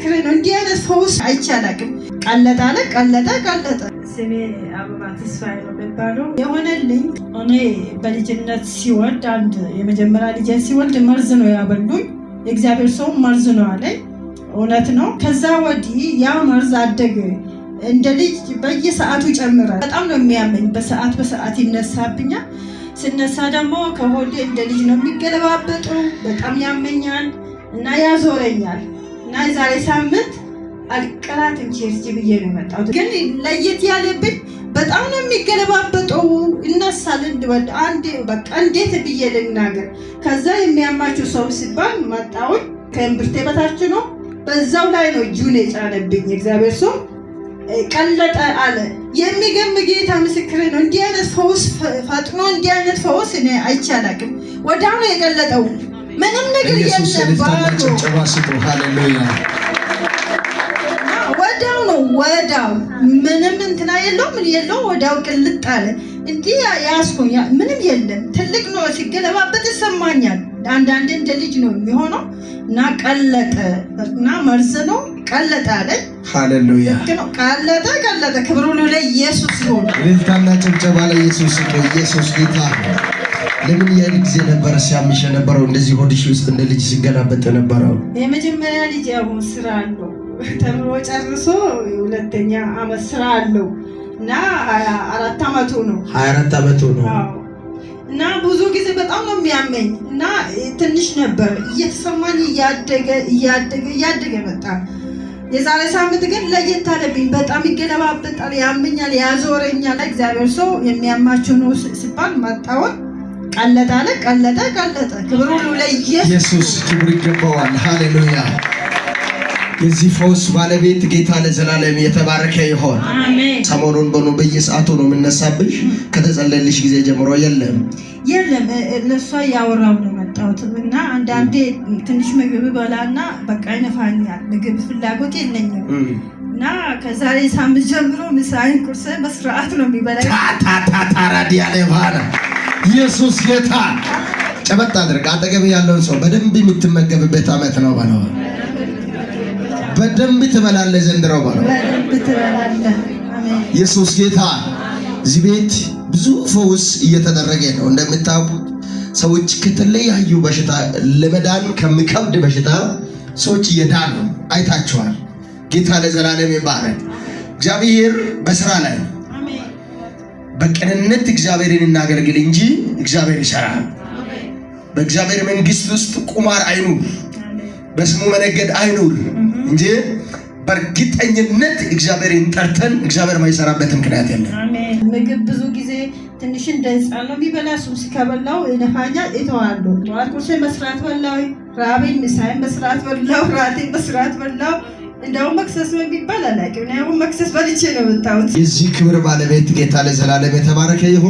ምስክሬ ነው። እንዲህ አይነት ፈውስ አይቼ አላውቅም። ቀለጠ አለ ቀለጠ ቀለጠ። ስሜ አበባ ተስፋዬ ነው የሚባለው። የሆነልኝ እኔ በልጅነት ሲወልድ አንድ የመጀመሪያ ልጅ ሲወልድ መርዝ ነው ያበሉኝ። የእግዚአብሔር ሰው መርዝ ነው አለኝ። እውነት ነው። ከዛ ወዲህ ያ መርዝ አደገ። እንደ ልጅ በየሰዓቱ ይጨምራል። በጣም ነው የሚያመኝ። በሰዓት በሰዓት ይነሳብኛል። ስነሳ ደግሞ ከሆዴ እንደ ልጅ ነው የሚገለባበጡ። በጣም ያመኛል እና ያዞረኛል። የዛሬ ሳምንት አልቀላት ቸርች ብዬ ነው የመጣሁት። ግን ለየት ያለብኝ በጣም ነው የሚገለባበጠው። ይነሳል እንድወድ አንድ በቃ እንዴት ብዬ ልናገር። ከዛ የሚያማችው ሰው ሲባል መጣሁኝ። ከእምብርቴ በታች ነው፣ በዛው ላይ ነው እጁን የጫነብኝ። እግዚአብሔር ሰው ቀለጠ አለ። የሚገርም ጌታ ምስክሬ ነው። እንዲህ አይነት ፈውስ ፈጥኖ እንዲህ አይነት ፈውስ እኔ አይቼ ወዲያው ነው የቀለጠው። ምንም ነገር የለም። ወዳው ነው ወዳው ምንም እንትና የለውም የለው ወዳው ቅልጥ አለ። እንዲህ ያስኩኝ ምንም የለም። ትልቅ ነው ሲገለባበት ይሰማኛል። አንዳንዴ እንደ ልጅ ነው የሚሆነው እና ቀለጠ እና መርዝ ነው ቀለጠ አለ። ሃሌሉያ ቀለጠ ቀለጠ። ክብሩ ለኢየሱስ ይሁን። እልልታና ጭብጨባ ለኢየሱስ። ኢየሱስ ጌታ ለምን ያህል ጊዜ ነበረ ሲያምሽ የነበረው? እንደዚህ ሆድሽ ውስጥ እንደ ልጅ ሲገላበጥ የነበረው? የመጀመሪያ ልጅ ያው ስራ አለው ተምሮ ጨርሶ ሁለተኛ አመት ስራ አለው እና ሀያ አራት አመቱ ነው። ሀያ አራት አመቱ ነው እና ብዙ ጊዜ በጣም ነው የሚያመኝ እና ትንሽ ነበር እየተሰማኝ እያደገ እያደገ እያደገ መጣ። የዛሬ ሳምንት ግን ለየት አለብኝ። በጣም ይገለባበጣል፣ ያመኛል፣ ያዞረኛል። እግዚአብሔር ሰው የሚያማችሁ ነው ሲባል መጣውን ቀለጠ አለ ቀለጠ ቀለጠ። ክብር ሁሉ ለኢየሱስ ክብር ይገባዋል። ሃሌሉያ። የዚህ ፈውስ ባለቤት ጌታ ለዘላለም የተባረከ ይሆን። ሰሞኑን በኑ በየሰዓቱ ነው የምነሳብሽ። ከተጸለልሽ ጊዜ ጀምሮ የለም የለም ለእሷ እያወራሁ ነው መጣሁት እና አንዳንዴ ትንሽ ምግብ በላና በቃ ይነፋኛል። ምግብ ፍላጎት የለኝም እና ከዛሬ ሳምንት ጀምሮ ምሳዬን ቁርሴን በስርዓት ነው የሚበላ ታታታታራዲያለ ባህላ ኢየሱስ ጌታ። ጨበጣ አድርግ። አጠገብ ያለውን ሰው በደንብ የምትመገብበት ዓመት ነው በለው። በደንብ ትበላለህ ዘንድሮ በለው። ኢየሱስ ጌታ። እዚህ ቤት ብዙ ፈውስ እየተደረገ ነው እንደምታውቁት ሰዎች ከተለያዩ በሽታ ለመዳን ከሚከብድ በሽታ ሰዎች እየዳኑ አይታችኋል። ጌታ ለዘላለም ይባረክ። እግዚአብሔር በስራ ላይ በቅንነት እግዚአብሔርን እናገልግል እንጂ እግዚአብሔር ይሰራል። በእግዚአብሔር መንግስት ውስጥ ቁማር አይኑር፣ በስሙ መነገድ አይኑር እንጂ በእርግጠኝነት እግዚአብሔርን ጠርተን እግዚአብሔር ማይሰራበት ምክንያት የለም። ምግብ ብዙ ጊዜ ትንሽ እንደ ሕፃን ነው የሚበላ። እሱም ሲከበላው ነፋኛ እተዋለሁ። ቁርሴ መስራት በላው፣ ራቤን ምሳዬን መስራት በላው፣ ራቴን መስራት በላው እንደውም መክሰስ ነው የሚባል አላውቅም። አሁን መክሰስ በልቼ ነው የመጣሁት። የዚህ ክብር ባለቤት ጌታ ለዘላለም የተባረከ ይሁን።